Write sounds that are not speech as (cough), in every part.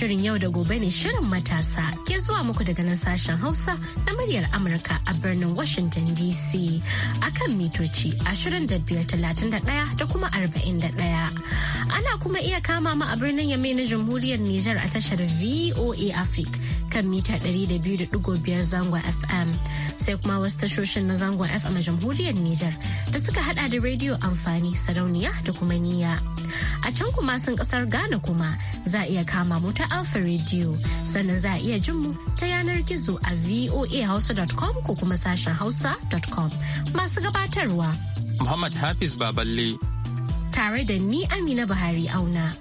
Shirin yau da gobe ne shirin matasa ke zuwa muku daga nan sashen Hausa na muryar Amurka a birnin Washington DC akan mitoci 2531 da kuma 41. Ana kuma iya kama ma a birnin Yame na Jamhuriyar Nijar a tashar VOA Africa kan mita 200.5 Zangon FM. sai kuma wasu tashoshin na zangon FM a jamhuriyar Nijar da suka hada da rediyo amfani sarauniya da kuma niya. A can kuma sun kasar Ghana kuma za iya kama mu ta Alfa rediyo sannan za iya jin mu ta yanar gizo a voahausa.com ko kuma sashen hausa.com masu gabatarwa. Muhammad Hafiz Baballe. Tare da ni Amina Buhari auna.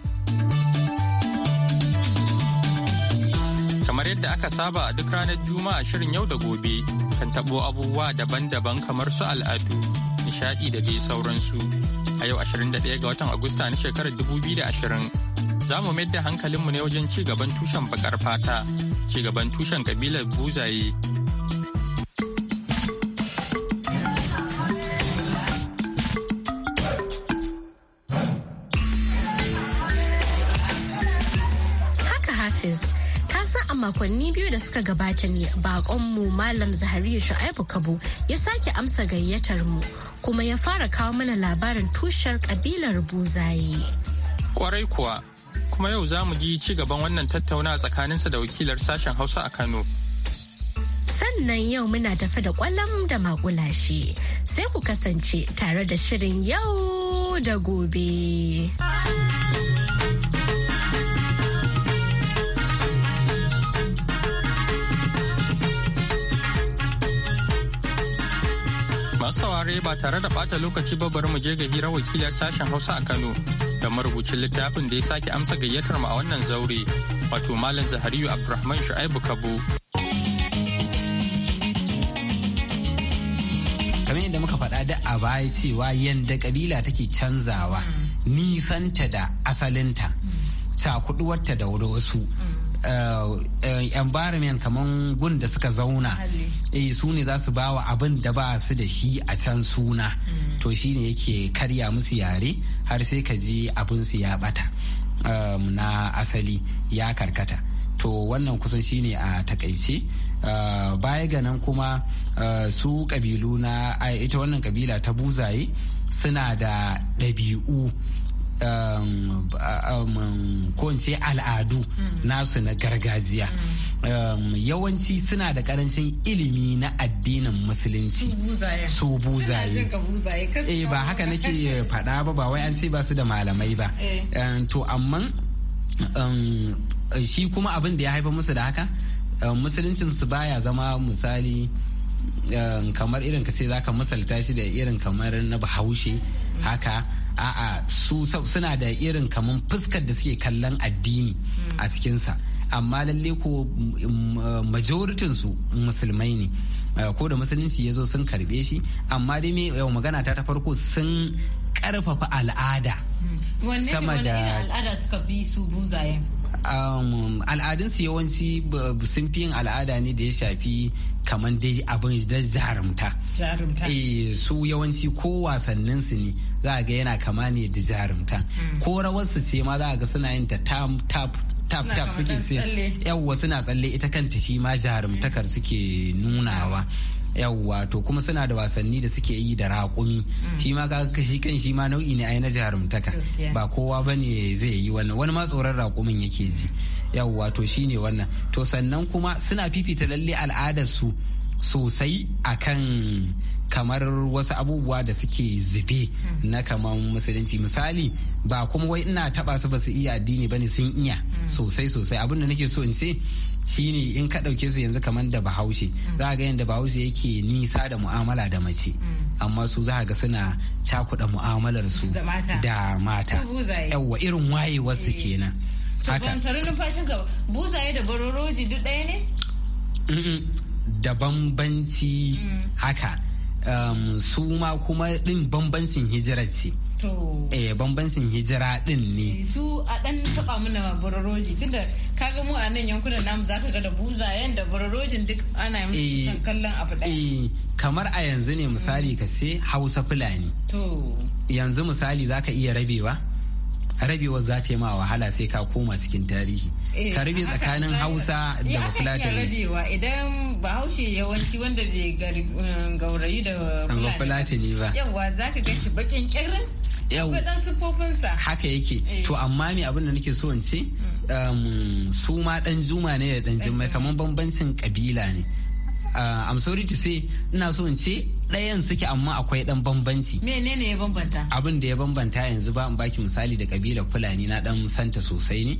kamar yadda aka saba a duk ranar juma'a shirin yau da gobe kan tabo abubuwa daban-daban kamar su al'adu nishadi da dai sauransu a yau 21 ga watan agusta na shekarar 2020 za mu mayar da hankalinmu ne wajen ci gaban tushen bakar fata ci gaban tushen kabilar buzaye makonni biyu da suka gabata ne bakonmu Malam Zahariya Shu'aibu kabu ya sake amsa gayyatar mu kuma ya fara kawo mana labarin tushar kabilar Buzaye. Kwarai kuwa, kuma yau za mu ji ci gaban wannan tattauna tsakaninsa da wakilar sashen Hausa a Kano. Sannan yau muna tafe da kwalam da makulashe sai ku kasance tare da shirin yau da gobe. masu saurare ba tare da bata lokaci ba bari mu je ga hira wakilar sashen Hausa a Kano da marubucin littafin da ya sake amsa gayyatar mu a wannan zaure wato Malam Zahariyu Abdulrahman Shu'aibu Kabo. Kamar yadda muka faɗa da a baya cewa yadda kabila take canzawa mm. nisanta da asalinta mm. cakuɗuwarta da wasu mm. Eh, eh, environment kaman gun da suka zauna eh su ne za su bawa abin da ba su da shi a can suna hmm. to shi ne yake karya musu yare har sai ka ji abin su ya bata um, na asali ya karkata to wannan kusan shi ne a takaice Uh, baya ga nan kuma uh, su kabilu na ita wannan kabila ta buzaye suna da ɗabi'u Um, um, ko al'adu mm. nasu na gargajiya mm. um, yawanci suna da karancin ilimi na addinin musulunci su buzaye e, ba haka (laughs) nake faɗa ba ba wai an ce ba su da malamai ba eh. to amma shi kuma abin da ya haifa musu da haka musuluncin su baya zama misali kamar irin ka ce zaka misalta shi da irin kamar na bahaushe mm. haka a'a su suna da irin kamar fuskar da suke kallon addini a cikinsa amma lalle ko mm, mm, majoritin su musulmai ne eh, ko da musulunci ya zo sun karbe shi amma dai me yau eh, magana ta ta farko sun karfafa al'ada hmm. sama da al'ada suka bi su buzayen Um, al'adunsu yawanci sun fi yin al'ada ne da ya shafi kamar dai abin da jarumta eh, su yawanci ko wasannin su ne za ga yana kama ne da jarumta hmm. ko rawarsu sai ma za ga suna yin ta tap tap tap suke yawwa suna tsalle ita kanta shi ma jarumtakar suke nunawa yawwa to kuma suna da wasanni da suke yi da raƙumi mm. shi ma ka shi kan shi ma nau'i ne ai na jarumtaka ba kowa bane zai yi wannan wani ma tsoron raƙumin yake ji yawwa to shine wannan to sannan kuma suna fifita lalle al'adar su sosai akan kamar wasu abubuwa da suke zube hmm. na kamar musulunci misali ba kuma wai ina taba su ba su iya addini bane sun iya hmm. sosai sosai abinda nake so in ce shine in ka dauke su yanzu kamar da bahaushe hmm. za ga yadda bahaushe yake nisa da mu'amala da mace amma su za ga suna cakuɗa mu'amalar su da mata yawwa irin wayewar su eh. kenan haka buzaye da bororoji duk ne da bambanci haka Um, su ma kuma din bambancin hijira ce eh bambancin hijira din ne eh, su a dan taba mana bororoji tunda kaga mu a nan yankunan namu zaka ga da buzayen da bororojin duk ana yi eh, kallon abu ɗaya. Eh, kamar a yanzu ne misali ka ce hausa fulani yanzu misali zaka iya rabewa rabewar za ta yi ma wahala sai ka koma cikin tarihi eh, ka rabe tsakanin hausa da bafulatani rabewa idan haushe yawanci wanda zai um, gaurayi da bafulatani ba yawa za ka ga shi bakin kirin yau haka yake eh. to amma me abin da nake so in ce mm. um, su ma dan juma ne da dan jimai kamar bambancin kabila ne uh, i'm sorry to say ina so in ce ɗayan suke amma akwai ɗan bambanci. Menene ya bambanta? Abin da ya bambanta yanzu ba in baki misali da kabilar Fulani na ɗan santa sosai ne.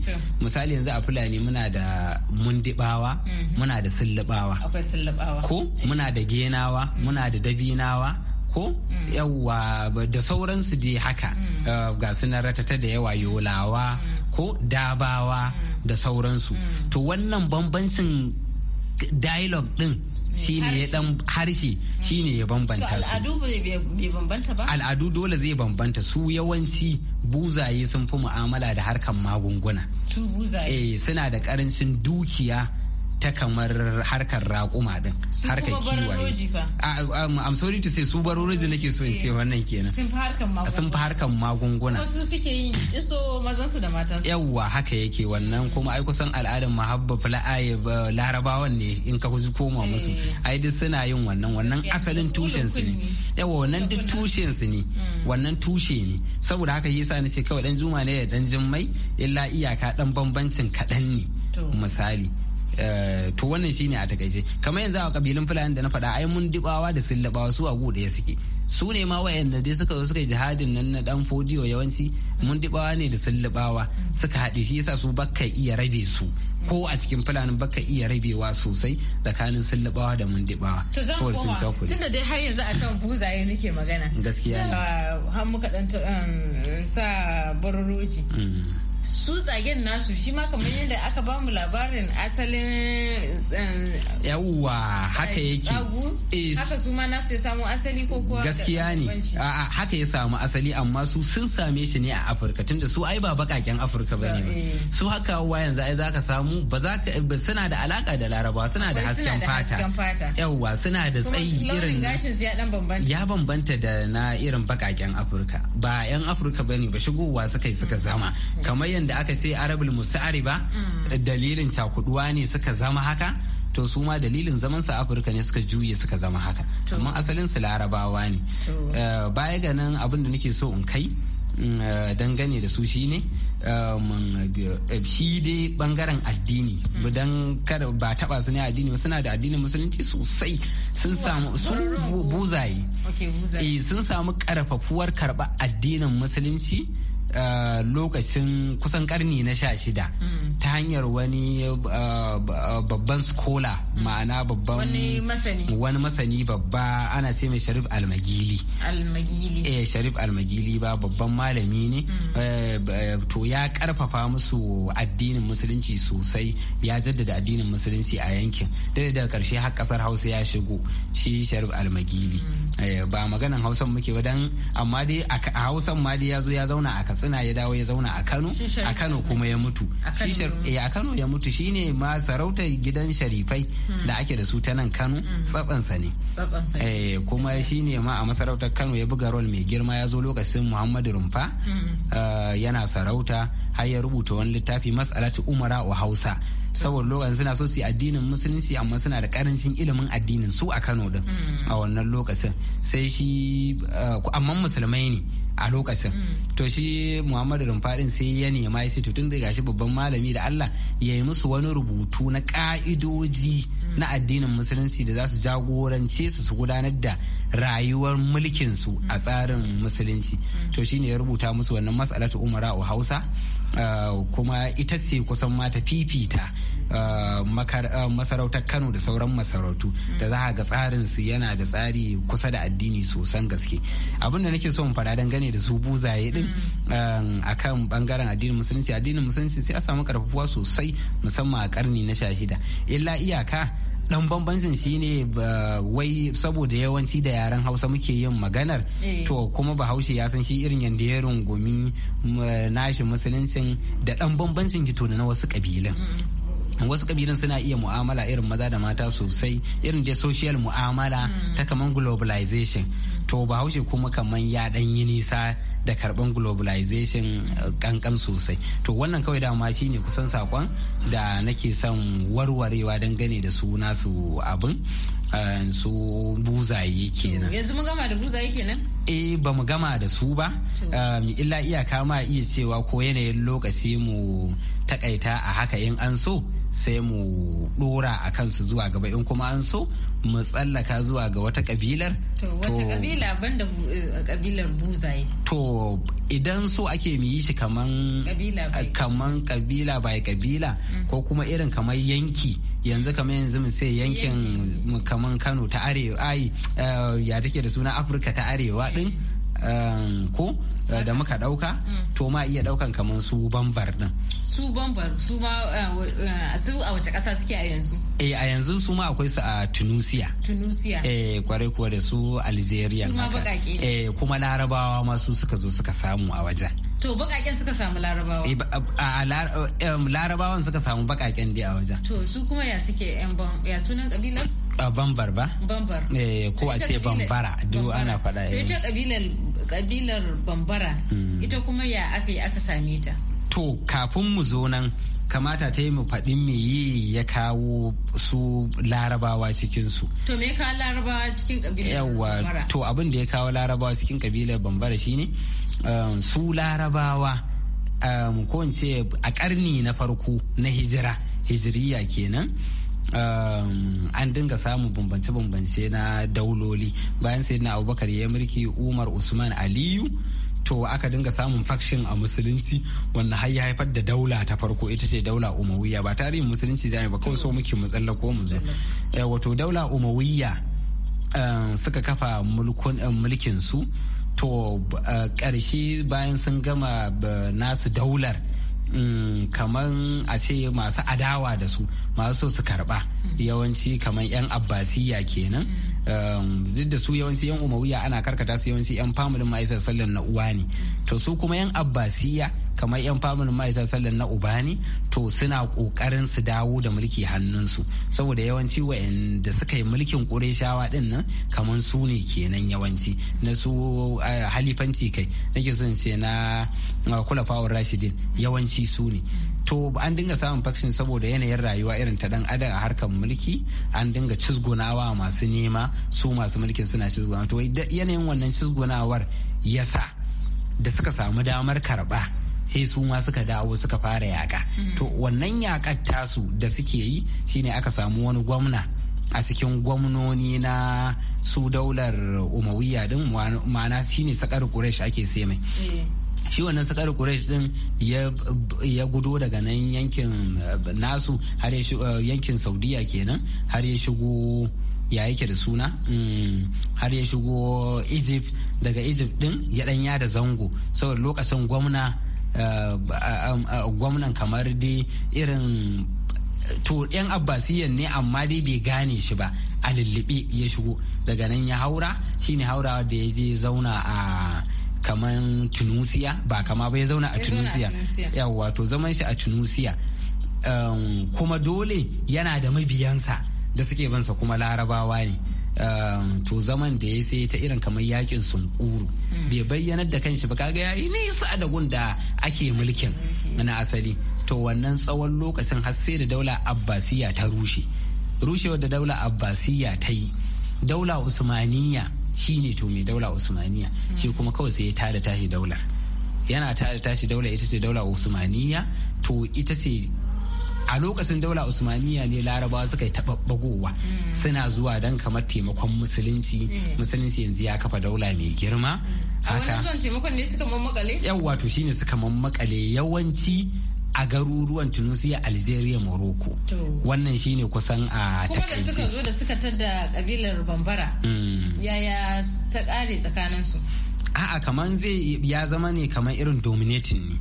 Misali yanzu a Fulani muna da mundibawa, mhm. muna da sullubawa. Akwai sullubawa. Ko eh. muna da genawa, mhm. muna da dabinawa. ko mhm. yawwa da sauransu dai haka eh, ga su ratata da yawa yolawa ko dabawa da sauransu to wannan bambancin dialogue din shi ne ya dan harshe mm. shi ne ya bambanta su al'adu bai bambanta ba al'adu dole zai bambanta su yawanci buzaye sun fi mu'amala da harkan magunguna su buzaye eh suna da karancin dukiya ta kamar harkar raƙuma din harkar kiwaye um, I'm sorry to say su baroroji nake so in eh, ce wannan kenan sun fi harkar magunguna su suke yi iso su da su yawwa haka yake wannan kuma ai kusan al'adar mahabba fula'aye larabawan ne in ka koma musu eh. ai duk suna yin wannan wannan asalin tushen su ne yawwa wannan duk tushen su ne mm. wannan tushe ne saboda haka yasa ni ce kawai dan juma ne da dan jimmai illa iyaka dan bambancin kaɗan ne misali Eh, to wannan shine a takaice kamar yanzu a kabilun fulani da na faɗa ai mun dibawa da sillabawa su a ɗaya suke su ne ma wayanda dai suka zo suka jihadin nan na dan fodiyo yawanci mun dibawa ne da sullubawa suka haɗe shi yasa su bakka iya rabe su ko a cikin fulanin baka iya rabewa sosai tsakanin sullubawa da mun dibawa to zan koma tunda dai har yanzu a kan buzaye nake magana gaskiya har muka dan um, sa bororoji mm. su tsagen nasu shi ma kamar yadda aka ba mu labarin asalin eh, yawwa haka yake eh, haka su ma nasu ya samu asali ko kuwa gaskiya ne haka ya samu asali amma su sun same shi ne a afirka tunda su ai ba bakaken afirka ba ne eh. su haka wa yanzu ai zaka samu ba za ka suna da alaka da laraba suna da hasken fata yawwa suna da tsayi irin ya bambanta da na irin bakaken afirka ba yan afirka ba ne ba shigowa suka yi suka zama mm. kamar jiyan da aka ce arabul musa'ari ba mm. dalilin cakuduwa ne suka zama haka to su ma dalilin zaman su afirka ne suka juye suka zama haka amma asalin su larabawa ne eh, baya ga nan abin da nake so in kai mm, eh, dangane da su shine eh, shi dai bangaren addini mm. dan kada ba taba su ne addini suna da addinin musulunci sosai sun samu sun buzaye sun samu karfafuwar karba addinin musulunci Eh, lokacin kusan karni na sha shida mm. ta hanyar wani eh, babban skola mm. ma'ana babban wani masani babba ana ce mai sharif almagili eh sharif almagili ba babban malami ne mm. eh, to ya karfafa musu addinin musulunci sosai ya jaddada addinin musulunci a yankin da da karshe har kasar hausa ya shigo shi sharif almagili Eh, ba maganan hausan muke ba dan amma dai a hausan ma dai ya zo ya zauna a katsina ya dawo ya zauna a kano a kano kuma ya mutu a eh, kano ya mutu shine ma sarautar gidan sharifai hmm. da ake da su ta nan kano hmm. tsatsansa ne eh, kuma shine ma a masarautar kano ya buga rol mai girma ya zo lokacin muhammadu rumfa hmm. yana sarauta har ya rubuta wani littafi masalatu umara wa hausa saboda lokacin suna so su addinin musulunci amma suna da karancin ilimin addinin su a Kano din a wannan lokacin sai shi eh, amma musulmai ne a lokacin mm. to shi muhammadu rumfadin sai ya nema shi to tun da gashi babban malami da allah ya yi musu wani rubutu na ka'idoji na mm. addinin musulunci da za su jagorance su su gudanar da rayuwar mulkin su a mm. tsarin musulunci to shi ne ya rubuta musu wannan masalatu umara o hausa Eh, kuma ita ce kusan mata fifita eh, eh, masarautar kano da sauran masarautu da za a ga tsarinsu yana da tsari kusa da addini sosan gaske abin da nake so in fada dangane da su buzaye din mm. akan bangaren addinin musulunci addinin musulunci sai a samu karfafuwa sosai musamman a karni na sha shida illa iyaka dan bambancin shine wai saboda yawanci da yaren hausa muke yin maganar eh. to kuma bahaushe ya san shi irin yadda ya rungumi nashi musuluncin da dan bambancin gito na wasu kabilan wasu kabilun suna iya mu'amala irin maza da mata sosai irin da social mu'amala ta kaman globalization to bahaushe kuma kaman ya dan yi nisa da karban globalization kankan eh, sosai to wannan kawai dama ne kusan sakon da nake son warwarewa dangane da su nasu abin eh, su buzaye kenan yanzu mu gama da buzaye kenan eh ba mu gama da su ba ehm, illa iyaka ma iya cewa ko yanayin lokaci mu takaita a haka in an so sai mu dora a kansu zuwa gaba in kuma an so mu tsallaka zuwa ga wata kabilar to wace kabila banda kabilar eh, buzaye to idan so ake mu yi shi kaman kaman kabila bai kabila mm. ko kuma irin kamar yanki yanzu kamar yanzu mu sai yankin kaman Kano ta arewa ai eh, ya take da suna Afirka ta arewa din mm. eh, ko Eh, da muka dauka mm. to ma iya daukan kamar su bambar din su bambar su ma eh, eh, su a wace kasa suke a yanzu eh a yanzu su ma akwai su a tunisia tunisia eh kware kuwa da su algeria su ma bakake eh kuma larabawa ma su suka zo suka samu a wajen To bakaken suka samu larabawa. A um, larabawan suka samu bakaken dai a wajen. To su kuma ya suke ya sunan kabilar? Bambar ba. Bambar. Eh ko a ce bambara duk ana faɗa. Ita kabilar kabilar bambara hmm. ita kuma ya aka yi aka same ta to kafin mu zo nan kamata ta yi mu faɗin me yi ya kawo su larabawa cikinsu to me kawo larabawa cikin kabilar yawa to abin da ya kawo larabawa cikin kabilar bambara shine ne um, su larabawa um, ce a ƙarni na farko na hijira hijiriya kenan Um, an dinga samun bambance-bambance na dauloli bayan sai na abubakar ya mulki umar usman aliyu to aka dinga samun faction a musulunci wanda har ya haifar da daula ta farko ita ce daula umawiya ba tarihin musulunci za ba kawai so muke mu tsallako mu zo eh, wato daula umawiya um, suka kafa eh, mulkin su to eh, ƙarshe bayan sun gama nasu daular Mm, kaman a ce masu adawa da su masu so su karba mm. yawanci kamar 'yan abbasiya kenan mm. Ehm, duk da su yawanci yan umawiya ana karkata su yawanci yan famulin ma'aisar sallan na uwa ne to su kuma yan abbasiya kamar yan famulin ma'aisar sallar na uba ne to suna kokarin su dawo da mulki hannunsu saboda yawanci wa'anda suka yi mulkin ƙureshawa din nan kamar su ne kenan yawanci na su halifanci kai nake son ce na kulafawar rashidin yawanci su ne to an dinga samun faction saboda yanayin rayuwa irin ta dan adam a harkar mulki an dinga cizgunawa masu nema su masu mulkin suna cizgunawa to yanayin wannan cizgunawar yasa da suka samu damar karba sai su ma suka dawo suka fara yaka mm. to wannan yakar tasu da suke yi shine aka samu wani gwamna a cikin gwamnoni na su daular umawiya din ma'ana shine sakar kuresh ake sai mai eh. shi wannan sakar quraish din ya gudo daga nan yankin eh, nasu har eh, yankin saudiya kenan har ya shigo ya yake da suna mm, har ya shigo egypt daga egypt din ya dan yada zango saboda lokacin gwamna eh, um, gwamnan kamar dai irin to yan abbasiyan ne amma dai bai gane shi ba a lullube ya shigo daga nan ya haura shine haurawa da ya je zauna a kaman tunusiya ba kama ba ya zauna a tunusiya yawa to zaman shi a tunusiya um, kuma dole yana da mabiyansa da suke bansa kuma larabawa ne um, to zaman da ya sai ta irin kamar yakin sunkuru mm. bai bayyanar da kanshi ba kaga yayi nisa da ake mulkin na asali to wannan tsawon lokacin har sai da daula abbasiya ta rushe rushewar da daula abbasiya ta yi daula Usmaniyya. shi ne to mai daula usmaniya shi kuma kawai sai ya tada tashi daular yana tada tashi daular ita ce daula usmaniya to ita ce a lokacin daula usmaniya ne larabawa suka yi taɓaɓɓagowa suna zuwa don kamar taimakon musulunci mm. musulunci yanzu ya kafa daula mai girma mm. A wani zuwan taimakon ne suka mammakale yawwa to shine suka mammakale yawanci a garuruwan tunisia algeria morocco wannan shine kusan a takaice kuma da suka zo da suka tada kabilar bambara hmm. yaya ta kare tsakaninsu a'a kaman zai ya zama ne kaman irin dominating ne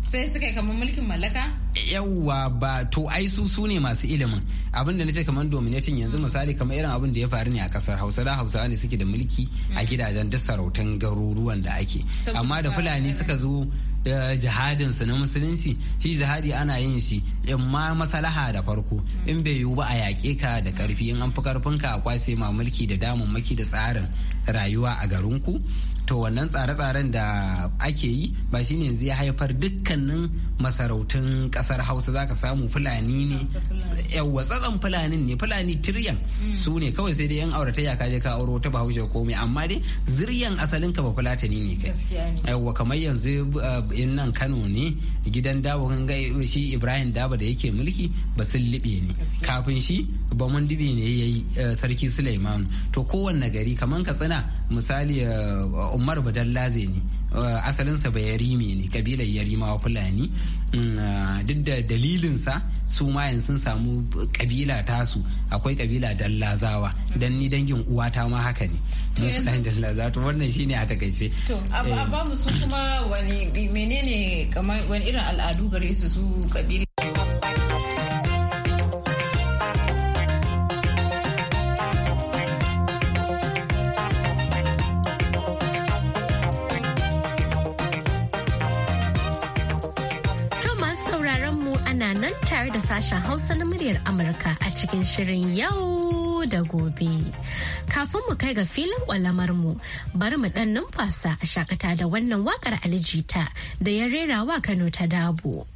sai suka yi kamar mulkin mallaka? yawwa ba to ai su su ne masu ilimin abin da nace kamar dominating yanzu hmm. misali kamar irin abin da ya faru ne a kasar hausa da hausawa ne suke da mulki a hmm. gidajen duk sarautan garuruwan da ake amma da fulani suka zo Eh, su na musulunci shi jihadi ana yin shi in ma masalaha da farko in bai yiwu ba a yaƙe ka da ƙarfi in an fi ƙarfinka a kwashe ma mulki da damammaki da tsarin rayuwa a garinku to wannan tsare-tsaren da ake yi ba shi ne ya haifar dukkanin masarautun kasar hausa za ka samu fulani ne yawa tsatsan fulani ne fulani tiryan mm. su ne kawai sai dai yan auratayya ka je ka auro ta bahaushe komai amma dai ziryan asalin ka ba fulatani ne kai yawa kamar yanzu eh, in nan kano ne gidan dabo ga shi ibrahim daba da yake mulki ba sun libe ne kafin shi ba mun dibi ne ya yi eh, sarki suleiman to kowanne gari kamar katsina misali eh, umar badallaze ne eh, asalinsa ba yarime ne kabilar yarimawa fulani mm, duk da dalilinsa su mayan sun samu kabila tasu akwai kabila dallazawa dan ni dangin uwata ma haka ne to yanzu dallazawa to wannan shine a takaice to a ba mu su kuma wani me. menene kamar wani irin al'adu gare su su kabila tare da sashen Hausa na muryar Amurka a cikin shirin yau da gobe. Kafin mu kai ga filin kwalamar mu bari mu dan numfasa a shakata da wannan wakar Jita da ya rera wa Kano ta dabo.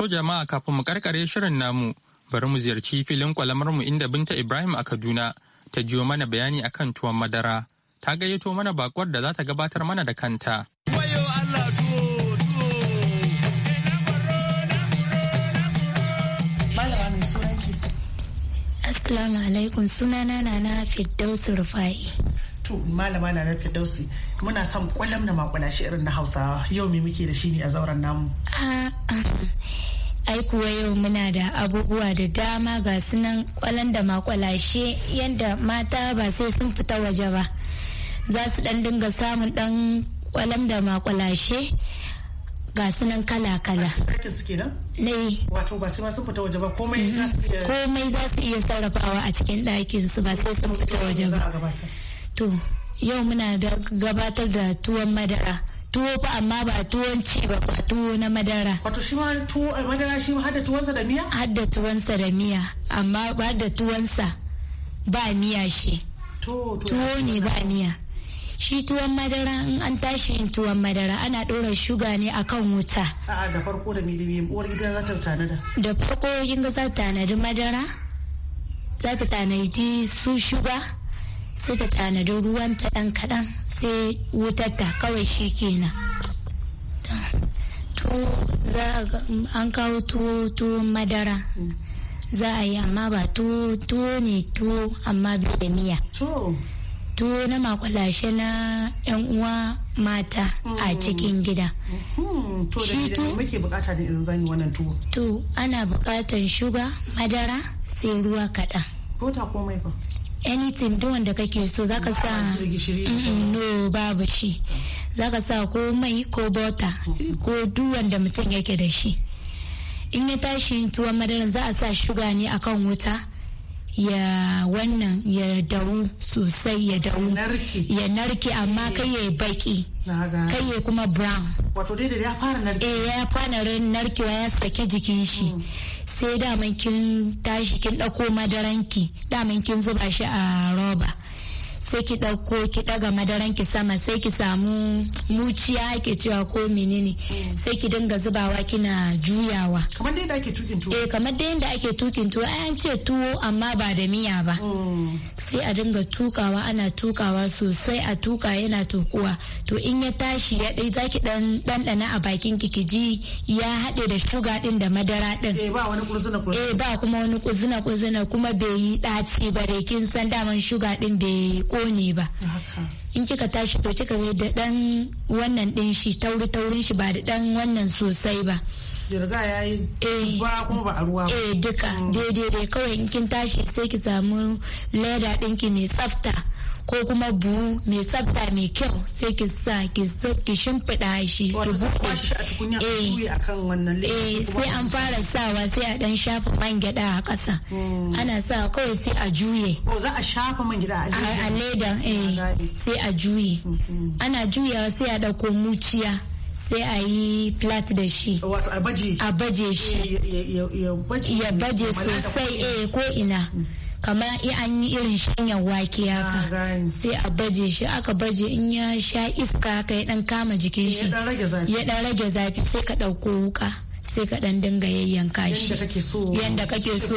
To jama'a kafin mu karkare shirin namu bari mu ziyarci filin kwalamar mu inda Binta Ibrahim a Kaduna ta jiyo mana bayani akan tuwon madara. Ta gayyato mana bakwar da za ta gabatar mana da kanta. Assalamu alaikum sunana na na Firdausu Rufai. to malama na narka dausi muna son kwalam da shi irin na hausawa yau me muke da shi ne a zauren namu ai kuwa yau muna da abubuwa da dama ga sunan kwalan da shi yadda mata ba sai sun fita waje ba za su dan dinga samun dan kwalam da shi ga sunan kala-kala. Ne. Eh. Wato ba sai ma sun fita waje ba komai za su iya. Komai za su iya sarrafawa a cikin ɗakin su ba sai sun fita waje ba. to yau muna da gabatar da tuwon madara tuwo fa amma ba tuwon ci ba ba tuwo na madara. Wato shi ma tuwo eh, madara shi ma hadda tuwonsa da miya? Hadda tuwonsa da miya amma ba da tuwonsa ba miya shi. Tuwo ne ba miya. Shi tuwon madara in an tashi yin tuwon madara ana ɗora shuga ne a kan wuta. A'a da farko da milimi uwar gida za ta tanada. Da farko yin ga za ta tanadi madara za ta tanadi su shuga. sai ta tanadi ruwan ta dan kadan sai wutar ta kawai shi kenan an kawo tuwo tuwo madara za a yi amma ba tuwo tuwo ne tuwo amma bai da miya tuwo na makwalashe na yan uwa mata a mm. cikin gida mm-hmm. shi tuwo muke bukata da irin zani wannan tuwo to ana bukatan shuga madara sai ruwa kaɗan ko ta komai ba anything duk wanda kake so zaka sa no babu shi zaka sa ko mai ko bota ko duk wanda mutum yake da shi in ya tashi tuwon madara za a sa shuga ne akan wuta ya wannan ya dawo sosai ya dawo ya narke amma eh. kai ya baki kai ya kuma brown wato daidai ya fara narke eh ya fara narkewa ya sake jikin shi mm. sai daman kin tashi kin dauko madaranki daman kin zuba shi a roba sai ki ɗauko ki ɗaga madaran ki sama sai ki samu muciya ake cewa ko menene sai ki dinga zubawa kina juyawa kamar da ake tukin tuwo eh kamar da yadda ake tukin tuwo ai an ce tuwo amma ba da miya ba mm. sai a dinga tukawa ana tukawa sosai a tuka yana tukuwa to in ya tashi ya dai zaki dan ɗanɗana a bakin ki ki ji ya haɗe da shuga ɗin da madara ɗin eh ba wani kuzina kuzina eh ba kuma wani kuzina kuzina kuma bai yi ɗaci ba dai kin san daman shuga ɗin bai ne ba in kika tashi to kika ga da dan wannan din shi tauri taurin shi ba da dan wannan sosai ba jirga ya yi ba eh. kuma ba a ruwa ba eh duka mm. daidai kawai in kin tashi sai ki samu leda ɗinki mai tsafta ko kuma buhu mai tsafta mai kyau sai ki sa ki shimfiɗa shi ki buɗe shi eh, eh sai an fara sawa sai a dan shafa man gyaɗa a ƙasa hmm. ana sa kawai sai a juye oh, za a shafa man gyaɗa a leda eh sai a juye hmm. ana juyawa sai a ɗauko muciya sai a yi flat da shi a baje shi eh, ya baje sosai eh ko ina mm. kamar an yi irin shanyar wake haka sai a baje shi aka baje in ya sha iska haka ya dan kama jikin shi ya dan rage zafi sai ka dauko wuka sai ka dan dinga yayyanka shi yanda kake so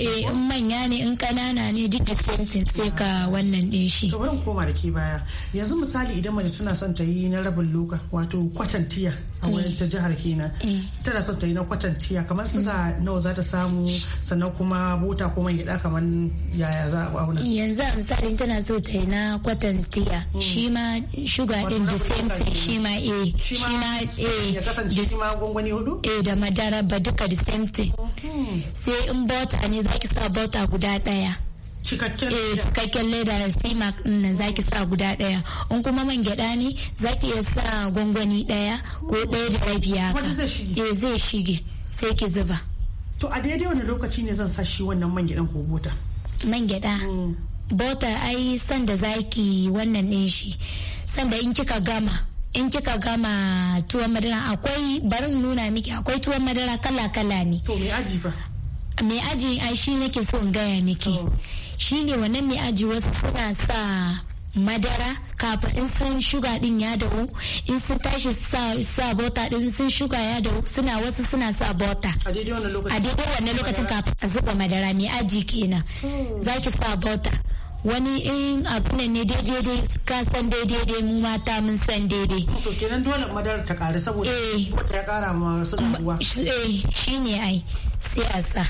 eh, in manya ne in kanana ne duk sentin sai ka wannan din shi to bari koma da ke baya yanzu misali idan mace tana son ta yi na rabin loka wato kwatantiya a eh. wajen ta jihar kenan eh. tana son ta yi na kwatantiya kamar suka nawa za ta samu sannan kuma bota ko man gida kamar yaya za a auna yanzu misali tana so ta yi na kwatantiya hmm. shi ma shuga din distancing shi ma eh shi ma eh ya kasance shi ma gwangwani hudu eh da madara ba duka da same thing sai in bota ne zaki sa bota guda daya eh, cikakken leda da sima na zaki sa guda daya in kuma man gyada ne zaki iya sa gwangwani daya ko daya hmm. da rabi ka eh zai shige sai ki zuba to a daidai wani lokaci ne zan sa shi wannan man gyadan ko bota man gyada hmm. bota ai sanda zaki wannan ɗin shi sanda in kika gama in kika gama tuwon madara akwai barin nuna miki akwai tuwon madara kala kala ne to me aji ba mai aji ai shi nake so in gaya miki oh. shi ne wannan mai aji wasu suna sa madara kafa in sun shuga din ya dawo in sun tashi sa bota din sun shuga ya dawo suna wasu suna sa bota a daidai wannan lokacin kafa a zuba madara mai aji kenan hmm. zaki sa bota wani in abu ne daidai ka san daidai mu mata mun san daidai to kenan dole madar ta kare saboda wata eh. ya kara ma suga ruwa eh shine ai sai a sa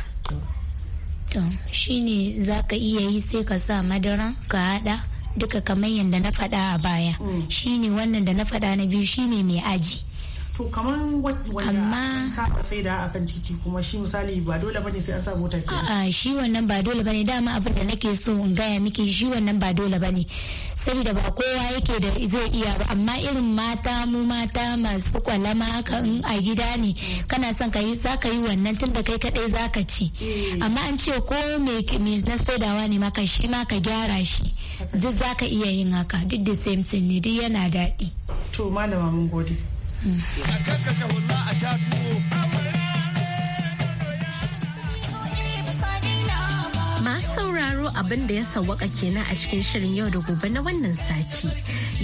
to shine zaka iya yi sai ka sa madara ka hada duka kamar yadda na faɗa a baya mm. shine wannan da na faɗa na biyu shine mai aji to kaman wanda saba sai da akan titi kuma shi misali ba dole bane sai an sa mota ke a shi wannan ba dole bane dama abin da nake so in gaya miki shi wannan ba dole bane saboda ba kowa yake da zai iya ba amma irin mata mu mata masu kwalama haka in a gida ne kana son ka yi zaka yi wannan tunda kai kadai zaka ci eh. amma an ce ko me me na saidawa ne maka shi ma ka gyara shi duk zaka iya yin haka duk da same thing ne duk yana daɗi to malama mun gode Mm. A kakkashe hulla a sha tuwo. sauraro abin da ya sawwaka kenan a cikin shirin yau da gobe na wannan sati.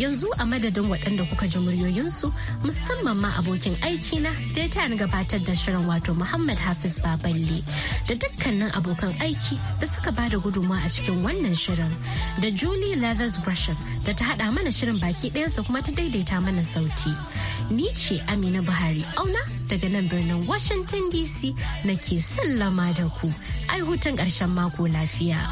Yanzu a madadin waɗanda kuka ji muryoyinsu musamman ma abokin aikina da ya tani gabatar da shirin wato Muhammad Hafiz Baballe da dukkanin abokan aiki da suka ba da gudunmawa a cikin wannan shirin da Julie Leathers Gresham da ta haɗa mana shirin baki ɗayansa kuma ta daidaita mana sauti. Ni ce Amina Buhari auna daga nan birnin Washington DC na nake sallama da ku. Ai hutun ƙarshen mako lafiya. lafiya.